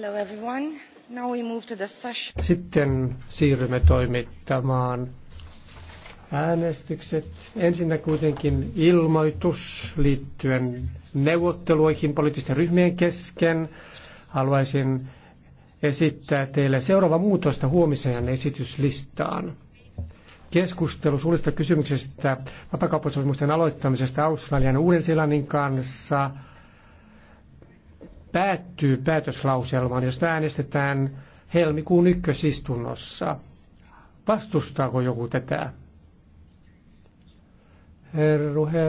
Hello everyone. Now we move to the session. Sitten siirrymme toimittamaan äänestykset. Ensinnä kuitenkin ilmoitus liittyen neuvotteluihin poliittisten ryhmien kesken. Haluaisin esittää teille seuraava muutosta huomiseen esityslistaan. Keskustelu suullisesta kysymyksestä vapakauppasopimusten aloittamisesta Australian ja Uuden-Seelannin kanssa – päättyy päätöslauselmaan, josta äänestetään helmikuun ykkösistunnossa. Vastustaako joku tätä? Herru herru.